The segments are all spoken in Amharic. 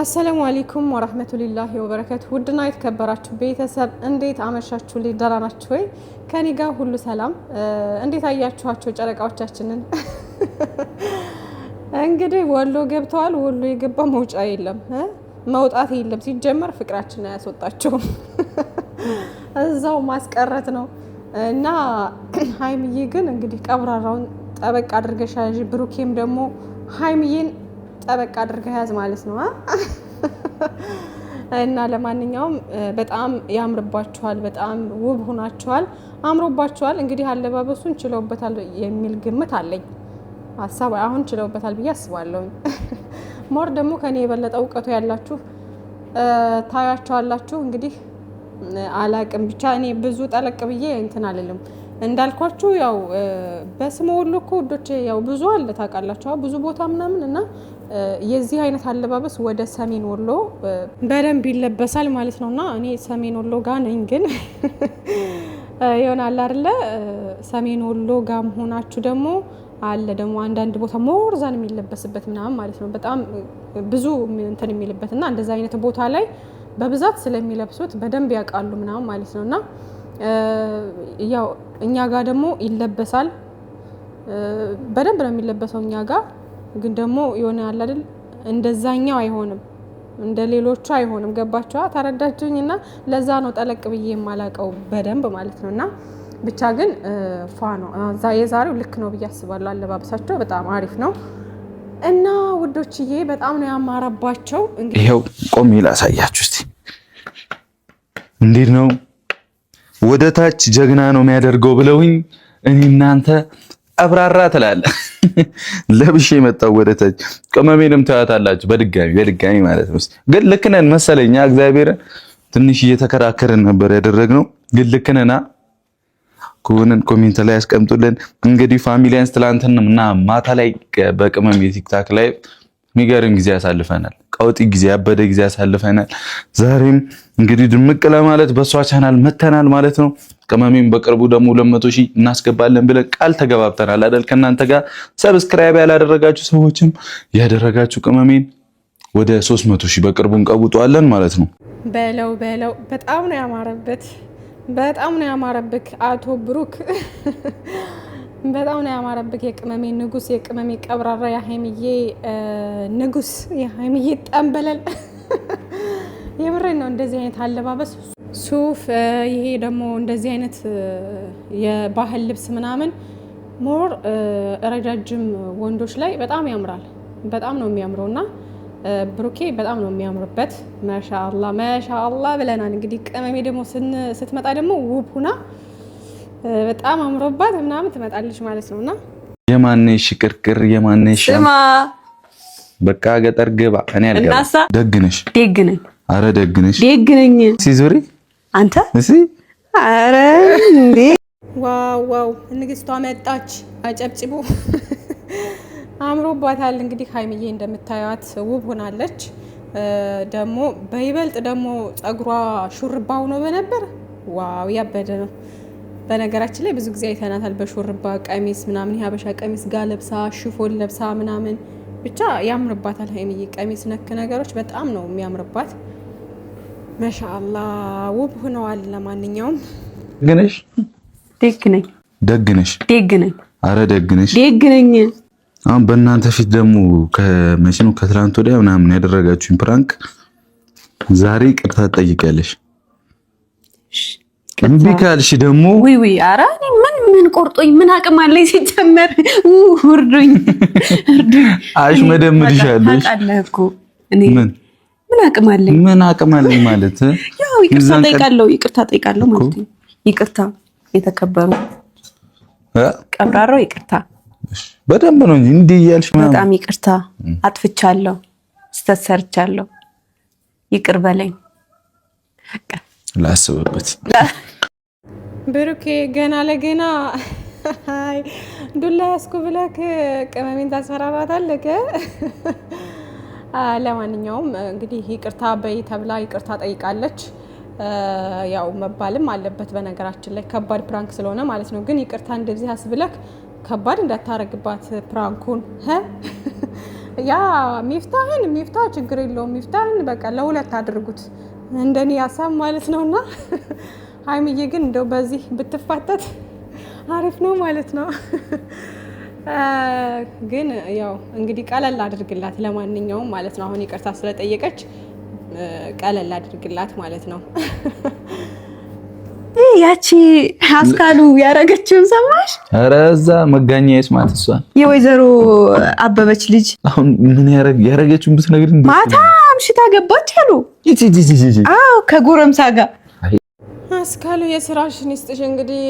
አሰላሙ አሌይኩም ወራህመቱሊላሂ ወበረከቱ። ውድና የተከበራችሁ ቤተሰብ እንዴት አመሻችሁ? ልኝ ደህና ናችሁ ወይ? ከኔ ጋር ሁሉ ሰላም። እንዴት አያችኋቸው ጨረቃዎቻችንን? እንግዲህ ወሎ ገብተዋል። ወሎ የገባ መውጫ የለም መውጣት የለም። ሲጀመር ፍቅራችን አያስወጣቸውም፣ እዛው ማስቀረት ነው እና ሀይምዬ ግን እንግዲህ ቀብራራውን ጠበቅ አድርገሻ ብሩኬም ደግሞ ሀይምዬን ጠበቅ አድርገህ ያዝ ማለት ነው። እና ለማንኛውም በጣም ያምርባችኋል፣ በጣም ውብ ሆናችኋል፣ አምሮባችኋል። እንግዲህ አለባበሱን ችለውበታል የሚል ግምት አለኝ። ሀሳብ አሁን ችለውበታል ብዬ አስባለሁ። ሞር ደግሞ ከኔ የበለጠ እውቀቱ ያላችሁ ታያቸዋላችሁ። እንግዲህ አላቅም ብቻ እኔ ብዙ ጠለቅ ብዬ እንትን አልልም። እንዳልኳችሁ ያው በስመ ወሎ እኮ ውዶች ያው ብዙ አለ ታውቃላችሁ፣ ብዙ ቦታ ምናምን እና የዚህ አይነት አለባበስ ወደ ሰሜን ወሎ በደንብ ይለበሳል ማለት ነው። እና እኔ ሰሜን ወሎ ጋ ነኝ፣ ግን ይሆናል አይደለ? ሰሜን ወሎ ጋ መሆናችሁ ደግሞ አለ ደግሞ አንዳንድ ቦታ ሞርዛን የሚለበስበት ምናምን ማለት ነው። በጣም ብዙ እንትን የሚልበት እና እንደዚህ አይነት ቦታ ላይ በብዛት ስለሚለብሱት በደንብ ያውቃሉ ምናምን ማለት ነው እና ያው እኛ ጋር ደግሞ ይለበሳል። በደንብ ነው የሚለበሰው እኛ ጋር ግን ደግሞ የሆነ ያለ አይደል እንደዛኛው አይሆንም እንደ ሌሎቹ አይሆንም። ገባችኋ? ተረዳችሁኝ? እና ለዛ ነው ጠለቅ ብዬ የማላቀው በደንብ ማለት ነው። እና ብቻ ግን ፏ ነው የዛሬው ልክ ነው ብዬ አስባለሁ። አለባበሳቸው በጣም አሪፍ ነው እና ውዶችዬ በጣም ነው ያማረባቸው። ይኸው ቆሜ ላሳያችሁ እስኪ እንዴት ነው ወደ ታች ጀግና ነው የሚያደርገው ብለውኝ እኔ እናንተ አብራራ ትላለ ለብሼ የመጣው ወደ ታች ቅመሜንም ታያታላችሁ። በድጋሚ በድጋሚ ማለት ነው። ግን ልክ መሰለኛ እግዚአብሔርን ትንሽ እየተከራከርን ነበር ያደረግነው። ግን ልክ ነና ከሆነን ኮሜንት ላይ ያስቀምጡልን። እንግዲህ ፋሚሊያንስ እና ማታ ላይ በቅመም የቲክታክ ላይ ሚገርም ጊዜ ያሳልፈናል። ቀውጢ ጊዜ፣ ያበደ ጊዜ ያሳልፈናል። ዛሬም እንግዲህ ድምቅ ለማለት በእሷ ቻናል መተናል ማለት ነው። ቅመሜም በቅርቡ ደግሞ ሁለት መቶ ሺህ እናስገባለን ብለን ቃል ተገባብተናል አደል ከእናንተ ጋር። ሰብስክራይብ ያላደረጋችሁ ሰዎችም ያደረጋችሁ ቅመሜን ወደ ሶስት መቶ ሺህ በቅርቡ እንቀውጠዋለን ማለት ነው። በለው በለው። በጣም ነው ያማረበት፣ በጣም ነው ያማረብክ አቶ ብሩክ በጣም ነው ያማረብክ። የቅመሜ ንጉስ፣ የቅመሜ ቀብራራ፣ የሀይምዬ ንጉስ፣ የሀይምዬ ጠንበለል። የምሬ ነው። እንደዚህ አይነት አለባበስ ሱፍ፣ ይሄ ደግሞ እንደዚህ አይነት የባህል ልብስ ምናምን ሞር ረጃጅም ወንዶች ላይ በጣም ያምራል። በጣም ነው የሚያምረው እና ብሩኬ በጣም ነው የሚያምርበት። መሻላ መሻአላ ብለናል። እንግዲህ ቅመሜ ደግሞ ስትመጣ ደግሞ ውብ ሁና በጣም አምሮባት ምናምን ትመጣለች ማለት ነው። እና የማነሽ ቅርቅር የማነሽ በቃ ገጠር ግባ እኔ አልገባ ደግነሽ ደግነኝ አረ ደግነሽ ደግነኝ ሲዙሪ አንተ እሺ አረ እንዴ ዋው ዋው ንግስቷ መጣች። አጨብጭቦ አምሮባታል። እንግዲህ ሀይሚዬ እንደምታዩት ውብ ሆናለች። ደግሞ በይበልጥ ደግሞ ጸጉሯ ሹርባ ሆኖ በነበር ዋው ያበደ ነው። በነገራችን ላይ ብዙ ጊዜ አይተናታል። በሹርባ ቀሚስ ምናምን የሀበሻ ቀሚስ ጋ ለብሳ ሽፎን ለብሳ ምናምን ብቻ ያምርባታል። ሀይሚዬ ቀሚስ ነክ ነገሮች በጣም ነው የሚያምርባት። መሻአላ ውብ ሆነዋል። ለማንኛውም ደግ ነሽ ደግ ነኝ። አረ ደግ ነኝ። አሁን በእናንተ ፊት ደግሞ ከመቼ ነው ከትላንት ወዲያ ምናምን ያደረጋችሁኝ ፕራንክ ዛሬ ቅርታ ትጠይቂያለሽ። እምቢ ካልሽ ደግሞ ውይ ውይ፣ ኧረ ምን ምን ቆርጦኝ ምን አቅም አለኝ? ሲጀመር እርዱኝ እርዱኝ። አሽ መደምድሻለሽ እኮ እኔ ምን አቅም አለኝ? ምን አቅም አለኝ ማለት ያው ይቅርታ ጠይቃለሁ፣ ይቅርታ ጠይቃለሁ ማለት ነው። ይቅርታ የተከበሩ ቀብራራው፣ ይቅርታ በደንብ ነው እንዲህ እያልሽ በጣም ይቅርታ፣ አጥፍቻለሁ፣ ስህተት ሰርቻለሁ፣ ይቅር በለኝ ላስብበት ብሩኬ ገና ለገና ዱላ ያስኩ ብለክ ቅመሜን ታስፈራራታለክ። ለማንኛውም እንግዲህ ይቅርታ በይ ተብላ ይቅርታ ጠይቃለች። ያው መባልም አለበት በነገራችን ላይ ከባድ ፕራንክ ስለሆነ ማለት ነው። ግን ይቅርታ እንደዚህ አስብለክ ከባድ እንዳታረግባት ፕራንኩን። ያ ሚፍታህን ሚፍታ ችግር የለውም ሚፍታህን በቃ ለሁለት አድርጉት እንደኔ ያሳብ ማለት ነውና ሀይሚዬ ግን እንደው በዚህ ብትፋጠት አሪፍ ነው ማለት ነው። ግን ያው እንግዲህ ቀለል አድርግላት ለማንኛውም ማለት ነው። አሁን ይቅርታ ስለጠየቀች ቀለል አድርግላት ማለት ነው። ያቺ አስካሉ ያረገችውን ሰማሽ? ኧረ እዛ መጋኛ የስማት እሷ የወይዘሮ አበበች ልጅ አሁን ምን ያረገችውን ብትነግሪኝ ማታ አምሽታ ገባች አሉ ከጎረምሳ ጋር አስካሉ የስራሽን ይስጥሽ። እንግዲህ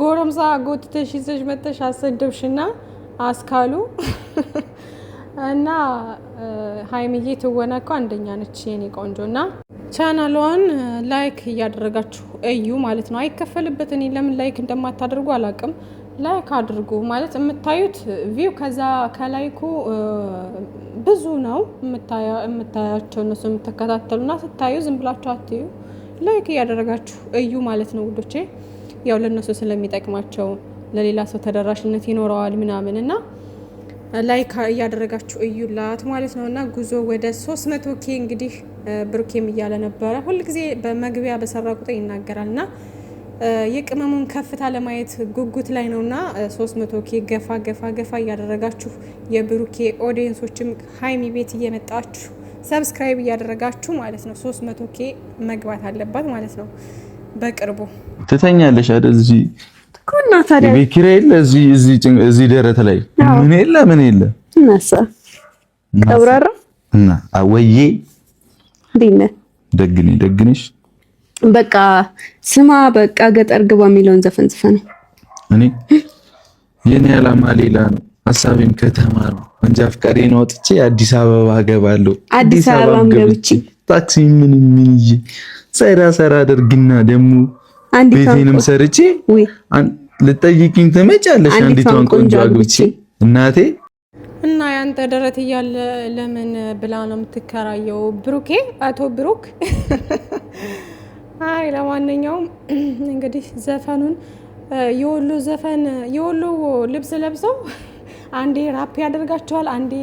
ጎረምሳ ጎትተሽ ይዘሽ መተሽ አሰደብሽና አስካሉ እና ሀይምዬ ትወና እኮ አንደኛ ነች የኔ ቆንጆ። እና ቻናሏን ላይክ እያደረጋችሁ እዩ ማለት ነው። አይከፈልበት። እኔ ለምን ላይክ እንደማታደርጉ አላቅም። ላይክ አድርጉ ማለት የምታዩት ቪው ከዛ ከላይኩ ብዙ ነው የምታያቸው እነሱ የምትከታተሉና ስታዩ ዝም ብላችሁ አትዩ። ላይክ እያደረጋችሁ እዩ ማለት ነው ውዶቼ። ያው ለእነሱ ስለሚጠቅማቸው ለሌላ ሰው ተደራሽነት ይኖረዋል ምናምን እና ላይክ እያደረጋችሁ እዩላት ማለት ነው። እና ጉዞ ወደ ሶስት መቶ ኬ እንግዲህ ብሩኬም እያለ ነበረ። ሁልጊዜ በመግቢያ በሰራ ቁጥር ይናገራል እና የቅመሙን ከፍታ ለማየት ጉጉት ላይ ነው እና ሶስት መቶ ኬ ገፋ ገፋ ገፋ እያደረጋችሁ የብሩኬ ኦዲየንሶችም ሀይሚ ቤት እየመጣችሁ ሰብስክራይብ እያደረጋችሁ ማለት ነው። 300 ኬ መግባት አለባት ማለት ነው በቅርቡ። ትተኛለሽ አይደል? እዚህ ኮና ታዲያ ቤት ኪራይ የለ እዚህ እዚህ እዚህ ደረት ላይ ምን የለ ምን የለ እናሳ ቀብራራ እና አወዬ ዲነ ደግኔ ደግኔሽ በቃ ስማ በቃ ገጠር ግባ የሚለውን ዘፈን ነው እኔ የኔ ዓላማ ሌላ ነው። ሀሳቤም ከተማ ነው። እንጂ ነው። አውጥቼ አዲስ አበባ ገባለሁ። አዲስ አበባ ገብቼ ታክሲ ምን ምን ይዤ ሰራ ሰራ አድርግና ደግሞ ቤቴንም ሰርቼ ልጠይቅኝ ትመጫለሽ። አንዲቷን ቆንጆ አግብቼ እናቴ እና ያንተ ደረት እያለ ለምን ብላ ነው የምትከራየው? ብሩኬ አቶ ብሩክ አይ ለማንኛውም እንግዲህ ዘፈኑን የወሎ ዘፈን የወሎ ልብስ ለብሰው አንዴ ራፕ ያደርጋቸዋል፣ አንዴ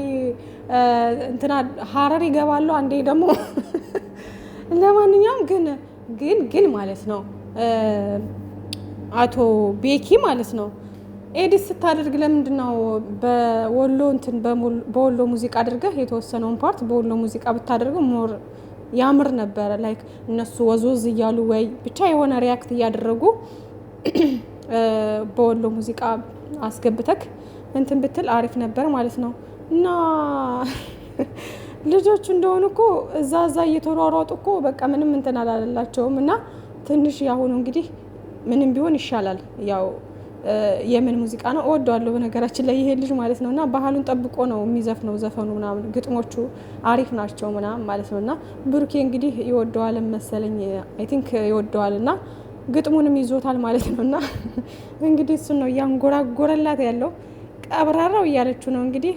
እንትና ሀረር ይገባሉ፣ አንዴ ደግሞ ለማንኛውም ግን ግን ግን ማለት ነው አቶ ቤኪ ማለት ነው ኤዲት ስታደርግ ለምንድን ነው በወሎ እንትን በወሎ ሙዚቃ አድርገህ የተወሰነውን ፓርት በወሎ ሙዚቃ ብታደርገው ሞር ያምር ነበረ። ላይክ እነሱ ወዝወዝ እያሉ ወይ ብቻ የሆነ ሪያክት እያደረጉ በወሎ ሙዚቃ አስገብተክ እንትን ብትል አሪፍ ነበር ማለት ነው። እና ልጆቹ እንደሆኑ እኮ እዛ እዛ እየተሯሯጡ እኮ በቃ ምንም እንትን አላለላቸውም። እና ትንሽ ያሁኑ እንግዲህ ምንም ቢሆን ይሻላል። ያው የምን ሙዚቃ ነው እወደዋለሁ፣ በነገራችን ላይ ይሄ ልጅ ማለት ነው። እና ባህሉን ጠብቆ ነው የሚዘፍነው ዘፈኑ ምናምን፣ ግጥሞቹ አሪፍ ናቸው ምናምን ማለት ነው። እና ብሩኬ እንግዲህ ይወደዋል መሰለኝ፣ አይ ቲንክ ይወደዋል እና ግጥሙንም ይዞታል ማለት ነው። እና እንግዲህ እሱን ነው እያንጎራጎረላት ያለው። ቀብራራው እያለችው ነው እንግዲህ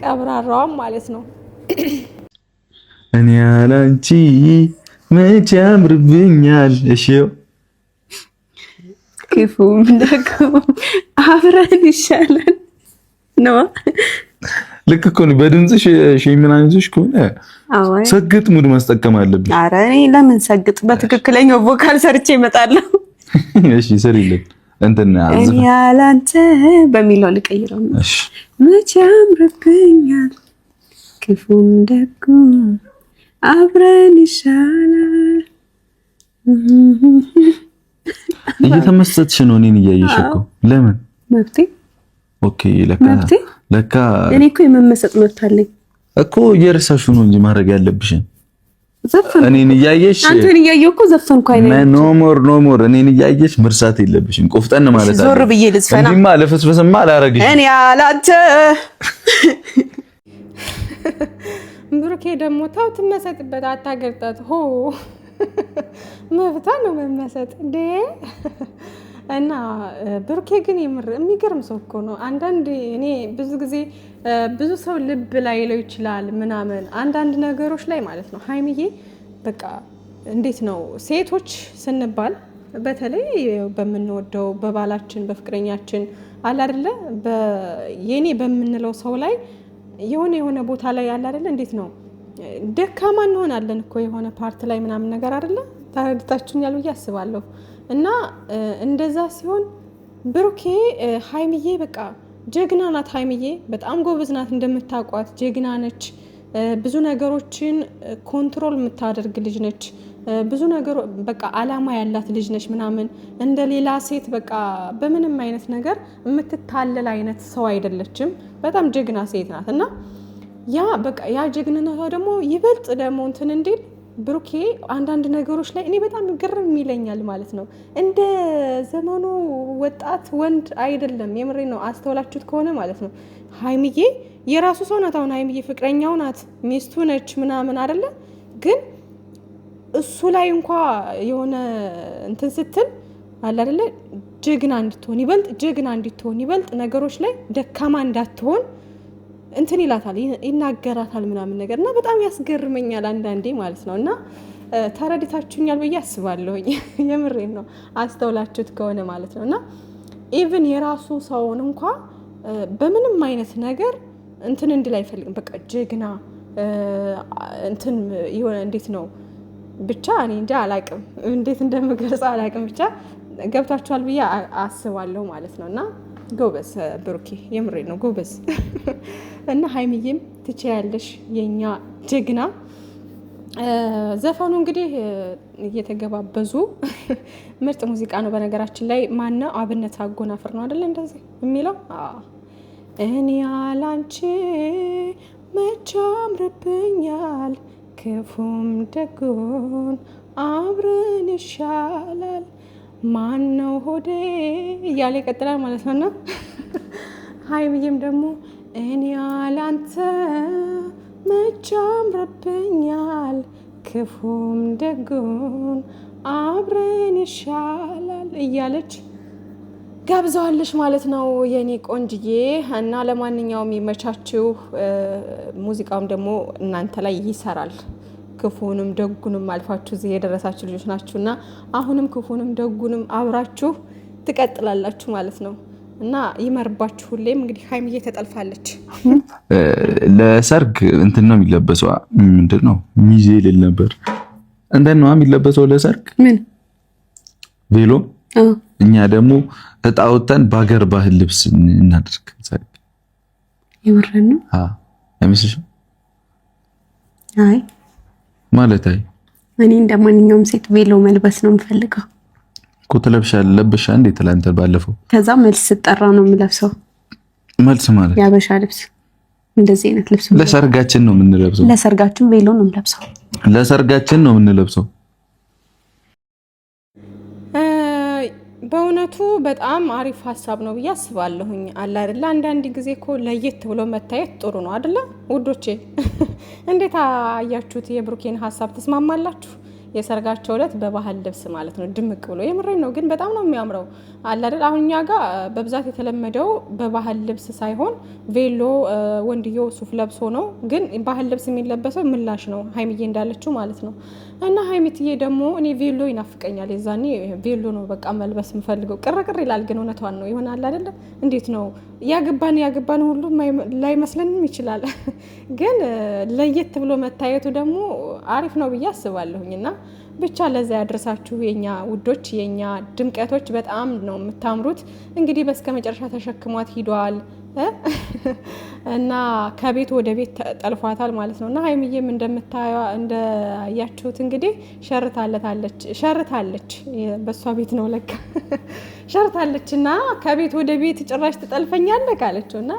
ቀብራራዋም ማለት ነው። እኔ አላንቺ መቼ ያምርብኛል። እሺ ክፉም ደጉም አብረን ይሻላል ነው። ልክ እኮ ነው። በድምጽሽ ሼህ ምናምን ይዞሽ ከሆነ ሰግጥ ሙድ ማስጠቀም አለብኝ። ኧረ እኔ ለምን ሰግጥ፣ በትክክለኛው ቮካል ሰርቼ እመጣለሁ። እሺ ሰሪልኝ እንትን እኔ ያላንተ በሚለው ልቀይረው ነው። መቼ አምርብኛል ክፉም ደጉ አብረን ይሻላል። እየተመሰጥሽ ነው እኔን እያየሽ እኮ ለምን? መብቴ ኦኬ። ለካ ለካ እኔ እኮ የመመሰጥ መብት አለኝ እኮ ነው እንጂ ማድረግ ያለብሽን እኔን እያየሽ አንተን እያየሁ እኮ ዘፈንኩ። ኖ ሞር ኖ ሞር እኔን እያየሽ መርሳት የለብሽም። ቆፍጠን ማለት አለ። ዞር ብዬ ልዝፈና እንጂማ ለፍስፍስማ አላረግሽ። እኔ አላንተ ብሩኬ ደግሞ ተው ትመሰጥበት፣ አታገርጣት። ሆ መብቷ ነው መመሰጥ እንዴ እና ብሩኬ ግን የምር የሚገርም ሰው እኮ ነው። አንዳንድ እኔ ብዙ ጊዜ ብዙ ሰው ልብ ላይ ለው ይችላል ምናምን አንዳንድ ነገሮች ላይ ማለት ነው። ሀይሚዬ በቃ እንዴት ነው ሴቶች ስንባል በተለይ በምንወደው በባላችን በፍቅረኛችን አለ አይደለ የኔ በምንለው ሰው ላይ የሆነ የሆነ ቦታ ላይ አለ አይደለ እንዴት ነው ደካማ እንሆናለን እኮ የሆነ ፓርት ላይ ምናምን ነገር አይደለ ተረድታችሁኛል ብዬ አስባለሁ። እና እንደዛ ሲሆን ብሩኬ ሀይምዬ በቃ ጀግና ናት። ሀይምዬ በጣም ጎበዝ ናት፣ እንደምታውቋት ጀግና ነች። ብዙ ነገሮችን ኮንትሮል የምታደርግ ልጅ ነች። ብዙ ነገሮ በቃ አላማ ያላት ልጅ ነች ምናምን እንደ ሌላ ሴት በቃ በምንም አይነት ነገር የምትታለል አይነት ሰው አይደለችም። በጣም ጀግና ሴት ናት እና ያ በቃ ያ ጀግንነቷ ደግሞ ይበልጥ ደግሞ እንትን እንዲል ብሩኬ አንዳንድ ነገሮች ላይ እኔ በጣም ግርም ይለኛል ማለት ነው። እንደ ዘመኑ ወጣት ወንድ አይደለም። የምሬ ነው። አስተውላችሁት ከሆነ ማለት ነው ሀይምዬ የራሱ ሰው ናት። አሁን ሀይምዬ ፍቅረኛው ናት፣ ሚስቱ ነች ምናምን አይደለ? ግን እሱ ላይ እንኳ የሆነ እንትን ስትል አላደለ ጀግና እንድትሆን ይበልጥ ጀግና እንድትሆን ይበልጥ ነገሮች ላይ ደካማ እንዳትሆን እንትን ይላታል ይናገራታል ምናምን ነገር እና በጣም ያስገርመኛል አንዳንዴ ማለት ነው እና ተረድታችሁኛል ብዬ አስባለሁኝ። የምሬን ነው አስተውላችሁት ከሆነ ማለት ነው እና ኢቭን የራሱ ሰውን እንኳ በምንም አይነት ነገር እንትን እንድል አይፈልግም። በቃ ጀግና እንትን የሆነ እንዴት ነው ብቻ እኔ እንጃ አላቅም፣ እንዴት እንደምገልጸው አላቅም። ብቻ ገብታችኋል ብዬ አስባለሁ ማለት ነው እና ጎበዝ ብሩኬ፣ የምሬ ነው ጎበዝ። እና ሀይሚዬም ትችያለሽ የኛ ጀግና። ዘፈኑ እንግዲህ እየተገባበዙ ምርጥ ሙዚቃ ነው። በነገራችን ላይ ማነው አብነት አጎናፍር ነው አደለ እንደዚህ የሚለው እኔ ያላንቺ መቼ አምርብኛል ክፉም ደጉን አብረን ይሻላል ማን ነው ሆዴ እያለ ይቀጥላል ማለት ነው። እና ሀይሚዬም ደግሞ እኔ ያላንተ መቼ አምሮብኛል ክፉም ደጉን አብረን ይሻላል እያለች ጋብዘዋለች ማለት ነው የእኔ ቆንጅዬ። እና ለማንኛውም ይመቻችሁ። ሙዚቃውም ደግሞ እናንተ ላይ ይሰራል። ክፉንም ደጉንም አልፋችሁ እዚህ የደረሳችሁ ልጆች ናችሁ እና አሁንም ክፉንም ደጉንም አብራችሁ ትቀጥላላችሁ ማለት ነው እና ይመርባችሁ። ሁሌም እንግዲህ ሀይሚዬ ተጠልፋለች። ለሰርግ እንትን ነው የሚለበሰው፣ ምንድን ነው ሚዜ ልል ነበር እንትን ነው የሚለበሰው ለሰርግ ምን ቬሎ። እኛ ደግሞ እጣ ወጥተን በሀገር ባህል ልብስ እናደርግ። የምር ነው አይመስልሽም? አይ ማለት አይ እኔ እንደማንኛውም ሴት ቬሎ መልበስ ነው የምፈልገው እኮ። ትለብሻለህ? ለብሻ እንዴ ትላንት ባለፈው። ከዛ መልስ ስጠራ ነው የምለብሰው። መልስ ማለት ያበሻ ልብስ፣ እንደዚህ አይነት ልብስ ለሰርጋችን ነው የምንለብሰው። ለሰርጋችን ቬሎ ነው የምለብሰው። ለሰርጋችን ነው የምንለብሰው። በእውነቱ በጣም አሪፍ ሀሳብ ነው ብዬ አስባለሁኝ። አለ አይደለ? አንዳንድ ጊዜ እኮ ለየት ብሎ መታየት ጥሩ ነው አይደለ? ውዶቼ፣ እንዴት አያችሁት? የብሩኬን ሀሳብ ትስማማላችሁ? የሰርጋቸው እለት በባህል ልብስ ማለት ነው ድምቅ ብሎ የምሬን ነው። ግን በጣም ነው የሚያምረው አላደል። አሁን እኛ ጋር በብዛት የተለመደው በባህል ልብስ ሳይሆን ቬሎ ወንድየው ሱፍ ለብሶ ነው። ግን ባህል ልብስ የሚለበሰው ምላሽ ነው ሀይምዬ እንዳለችው ማለት ነው። እና ሀይምትዬ ደግሞ እኔ ቬሎ ይናፍቀኛል። የዛኔ ቬሎ ነው በቃ መልበስ የምፈልገው። ቅርቅር ይላል ግን እውነቷን ነው ይሆናል አይደለም። እንዴት ነው ያገባን ያገባን ሁሉ ላይመስለንም ይችላል። ግን ለየት ብሎ መታየቱ ደግሞ አሪፍ ነው ብዬ አስባለሁኝ እና ብቻ ለዛ ያደረሳችሁ የኛ ውዶች፣ የኛ ድምቀቶች፣ በጣም ነው የምታምሩት። እንግዲህ በስከ መጨረሻ ተሸክሟት ሂደዋል እና ከቤት ወደ ቤት ጠልፏታል ማለት ነው። እና ሀይሚዬም እንደምታያችሁት እንግዲህ ሸርታለታለች ሸርታለች፣ በእሷ ቤት ነው ለካ ሸርታለች። እና ከቤት ወደ ቤት ጭራሽ ትጠልፈኛለህ ካለችው እና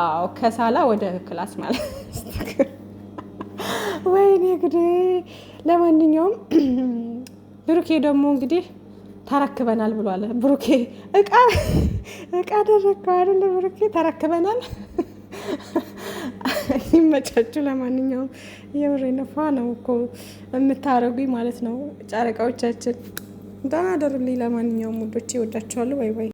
አዎ ከሳላ ወደ ክላስ ማለት ወይኔ እንግዲህ ለማንኛውም ብሩኬ ደግሞ እንግዲህ ተረክበናል ብሏል። ብሩኬ እቃ እቃ ደረግከው አይደለ? ብሩኬ ተረክበናል። ይመቻችሁ። ለማንኛውም የምሬ ነፋ ነው እኮ የምታረጉኝ ማለት ነው። ጨረቃዎቻችን ደህና ደሩልኝ። ለማንኛውም ውዶቼ ወዳችኋለሁ። ባይ ባይ